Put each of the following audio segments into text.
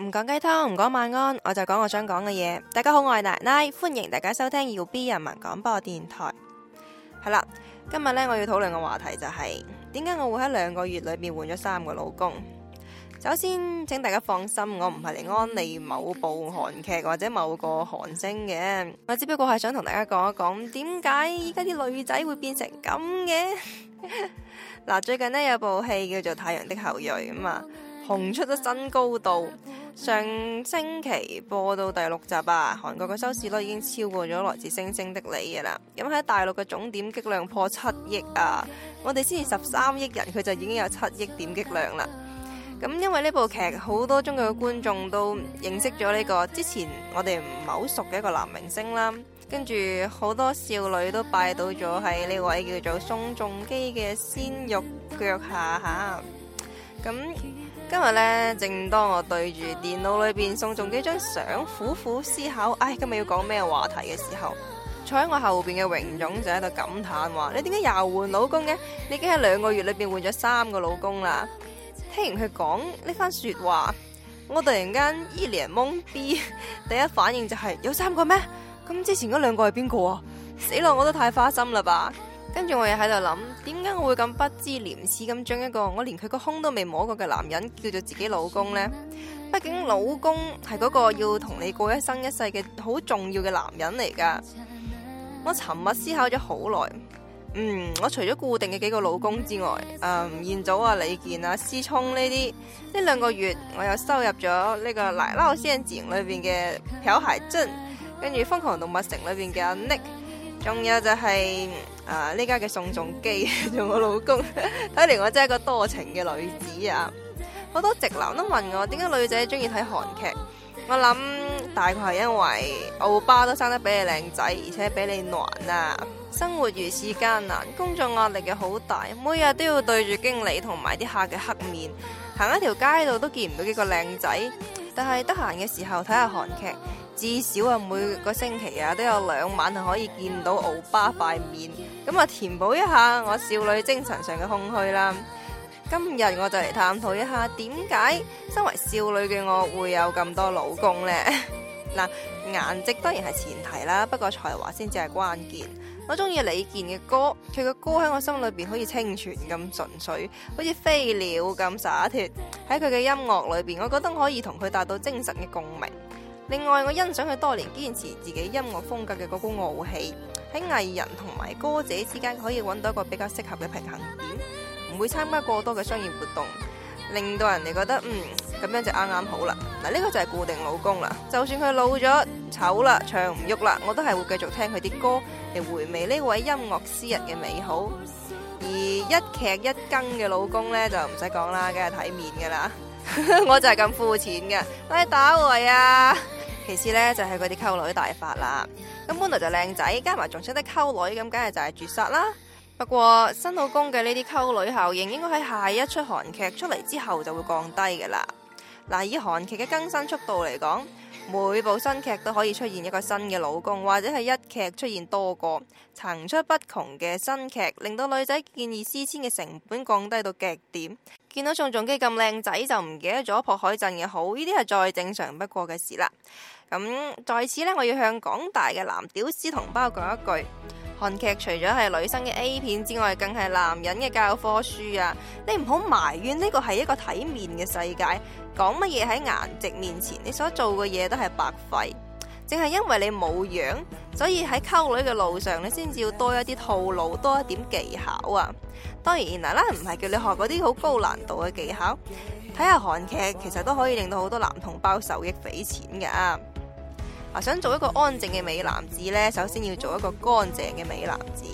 唔講雞湯，唔講晚安，我就講我想講嘅嘢。大家好，我係奶奶，歡迎大家收聽搖 B 人民廣播電台。係啦，今日呢，我要討論嘅話題就係點解我會喺兩個月裏面換咗三個老公。首先，請大家放心，我唔係嚟安利某部韓劇或者某個韓星嘅，我只不過係想同大家講一講點解依家啲女仔會變成咁嘅。嗱， 最近呢，有部戲叫做《太陽的後裔》咁啊，紅出咗新高度。上星期播到第六集啊，韓國嘅收視率已經超過咗來自星星的你嘅啦。咁喺大陸嘅總點擊量破七億啊，我哋先至十三億人，佢就已經有七億點擊量啦。咁因為呢部劇，好多中國嘅觀眾都認識咗呢、呢個之前我哋唔係好熟嘅一個男明星啦，跟住好多少女都拜到咗喺呢位叫做宋仲基嘅鮮肉腳下嚇。咁今日咧，正當我對住電腦裏邊宋仲基幾張相，苦苦思考，唉、哎，今日要講咩話題嘅時候，坐喺我後邊嘅榮總就喺度感嘆話：你點解又換老公嘅？你已經喺兩個月裏邊換咗三個老公啦！聽完佢講呢番說話，我突然間一臉懵逼， e、第一反應就係、是： 有三個咩？咁之前嗰兩個係邊個啊？死咯，我都太花心啦吧！跟住我又喺度諗，點解我會咁不知廉恥咁將一個我連佢個胸都未摸過嘅男人叫做自己老公呢？畢竟老公係嗰個要同你過一生一世嘅好重要嘅男人嚟噶。我沉默思考咗好耐，嗯，我除咗固定嘅幾個老公之外，嗯，吳彥祖啊、李健啊、思聰呢啲，呢兩個月我又收入咗呢個奶奶《奶酪陷阱》裏邊嘅朴海鎮，跟住《瘋狂動物城》裏邊嘅阿 Nick。仲有就係、是、啊，呢家嘅宋仲基做我老公，睇嚟，我真係一個多情嘅女子啊！好多直男都問我點解女仔中意睇韓劇，我諗大概係因為歐巴都生得比你靚仔，而且比你暖啊！生活如此艱難，工作壓力嘅好大，每日都要對住經理同埋啲客嘅黑面，行一條街度都見唔到幾個靚仔，但係得閒嘅時候睇下韓劇。至少啊，每個星期啊都有兩晚係可以見到歐巴塊面，咁啊填補一下我少女精神上嘅空虛啦。今日我就嚟探討一下，點解身為少女嘅我會有咁多老公呢？嗱，顏值當然係前提啦，不過才華先至係關鍵。我中意李健嘅歌，佢嘅歌喺我心裏邊好似清泉咁純粹，好似飛鳥咁灑脫。喺佢嘅音樂裏邊，我覺得我可以同佢達到精神嘅共鳴。另外，我欣賞佢多年堅持自己音樂風格嘅嗰股傲氣，喺藝人同埋歌者之間可以揾到一個比較適合嘅平衡點，唔會參加過多嘅商業活動，令到人哋覺得嗯，咁樣就啱啱好啦。嗱、啊，呢、這個就係固定老公啦。就算佢老咗、醜啦、唱唔喐啦，我都係會繼續聽佢啲歌嚟，回味呢位音樂詩人嘅美好。而一劇一更嘅老公呢，就唔使講啦，梗係睇面噶啦。 我就係咁膚淺噶，喂、啊，打圍呀。其次咧就係嗰啲溝女大法啦，咁本來就靚仔，加埋仲識得溝女，咁梗係就係絕殺啦。不過新老公嘅呢啲溝女效應，應該喺下一出韓劇出嚟之後就會降低噶啦。嗱，以韓劇嘅更新速度嚟講。每部新劇都可以出現一個新嘅老公，或者係一劇出現多個，層出不窮嘅新劇，令到女仔見異思遷嘅成本降低到極點。見到宋仲基咁靚仔就唔記得咗朴海鎮嘅好，呢啲係再正常不過嘅事啦。咁在此呢，我要向廣大嘅男屌絲同胞講一句。韓劇除咗係女生嘅 A 片之外，更係男人嘅教科書啊！你唔好埋怨呢個係一個體面嘅世界，講乜嘢喺顏值面前，你所做嘅嘢都係白費。正係因為你冇樣，所以喺溝女嘅路上，你先至要多一啲套路，多一點技巧啊！當然啊，啦，奶奶唔係叫你學嗰啲好高難度嘅技巧，睇下韓劇其實都可以令到好多男同胞受益匪淺㗎。啊！想做一個安靜嘅美男子呢，首先要做一個乾淨嘅美男子。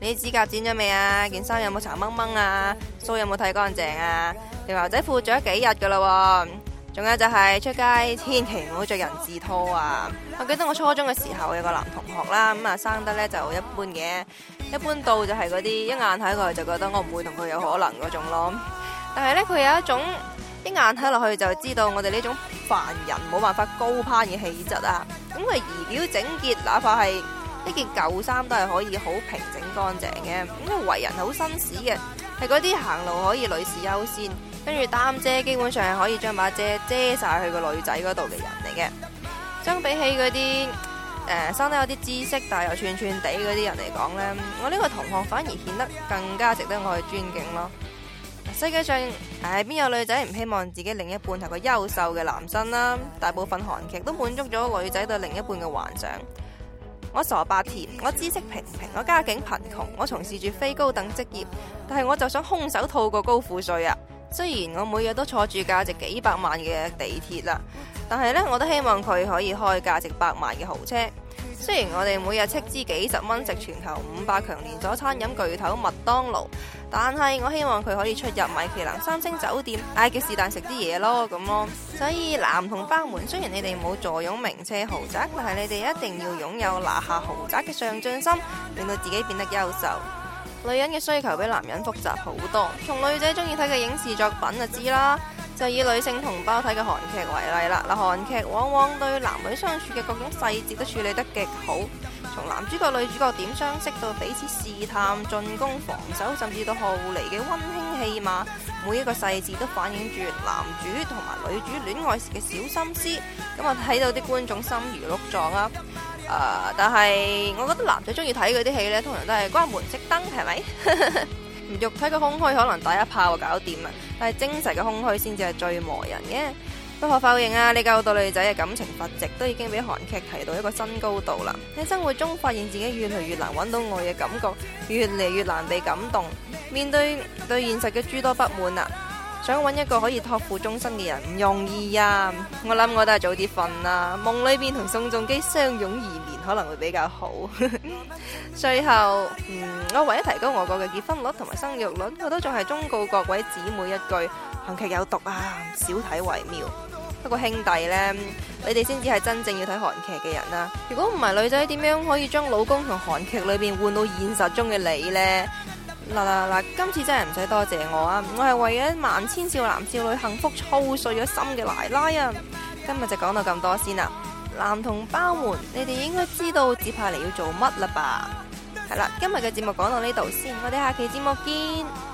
你指甲剪咗未啊？件衫有冇殘掹掹啊？須有冇剃乾淨啊？你條牛仔褲着咗幾日噶啦？仲有就係、是、出街千祈唔好着人字拖啊！我記得我初中嘅時候有個男同學啦，咁啊生得呢就一般嘅，一般到就係嗰啲一眼睇過去就覺得我唔會同佢有可能嗰種咯。但係呢，佢有一種。一眼睇落去就知道我哋呢種凡人冇辦法高攀嘅氣質啊！咁佢儀表整潔，哪怕係一件舊衫都係可以好平整乾淨嘅。咁佢為人好紳士嘅，係嗰啲行路可以女士優先，跟住擔遮基本上係可以將把，把遮遮晒去個女仔嗰度嘅人嚟嘅。相比起嗰啲誒生得有啲知識但又串串地嗰啲人嚟講呢，我呢個同學反而顯得更加值得我去尊敬咯。世界上，唉、哎，邊有女仔唔希望自己另一半係個優秀嘅男生啦，啊？大部分韓劇都滿足咗女仔對另一半嘅幻想。我傻白甜，我知識平平，我家境貧窮，我從事住非高等職業，但係我就想空手套過高富帥啊！雖然我每日都坐住價值幾百萬嘅地鐵啦，但係呢，我都希望佢可以開價值百萬嘅豪車。雖然我哋每日斥資幾十蚊食全球五百強連鎖餐飲巨頭麥當勞，但係我希望佢可以出入米其林三星酒店，嗌佢是但食啲嘢咯，咁咯。所以男同胞們，雖然你哋冇坐擁名車豪宅，但係你哋一定要擁有拿下豪宅嘅上進心，令到自己變得優秀。女人嘅需求比男人複雜好多，從女仔中意睇嘅影視作品就知啦。就以女性同胞睇嘅韓劇為例啦，嗱，韓劇往往對男女相處嘅各種細節都處理得極好，從男主角女主角點相識到彼此試探、進攻、防守，甚至到後嚟嘅温馨戲碼，每一個細節都反映住男主同埋女主戀愛時嘅小心思，咁啊睇到啲觀眾心如鹿撞啦，啊、呃！但係我覺得男仔中意睇嗰啲戲呢，通常都係關門熄燈，係咪？ 肉體嘅空虛可能打一炮就搞掂啦，但係精神嘅空虛先至係最磨人嘅。不可否認啊，你個到女仔嘅感情發值都已經俾韓劇提到一個新高度啦。喺生活中發現自己越嚟越難揾到愛嘅感覺，越嚟越難被感動，面對對現實嘅諸多不滿啊！想揾一個可以託付終生嘅人唔容易啊！我諗我都係早啲瞓啦，夢裏邊同宋仲基相擁而眠可能會比較好。 最後，嗯，我為咗提高我國嘅結婚率同埋生育率，我都仲係忠告各位姊妹一句：韓劇有毒啊，少睇為妙。不過兄弟呢，你哋先至係真正要睇韓劇嘅人啊。如果唔係女仔點樣可以將老公同韓劇裏邊換到現實中嘅你呢？嗱嗱嗱！今次真係唔使多謝我啊！我係為咗萬千少男少女幸福操碎咗心嘅奶奶啊！今日就講到咁多先啦，男同胞們，你哋應該知道接下嚟要做乜啦吧？係啦，今日嘅節目講到呢度先，我哋下期節目見。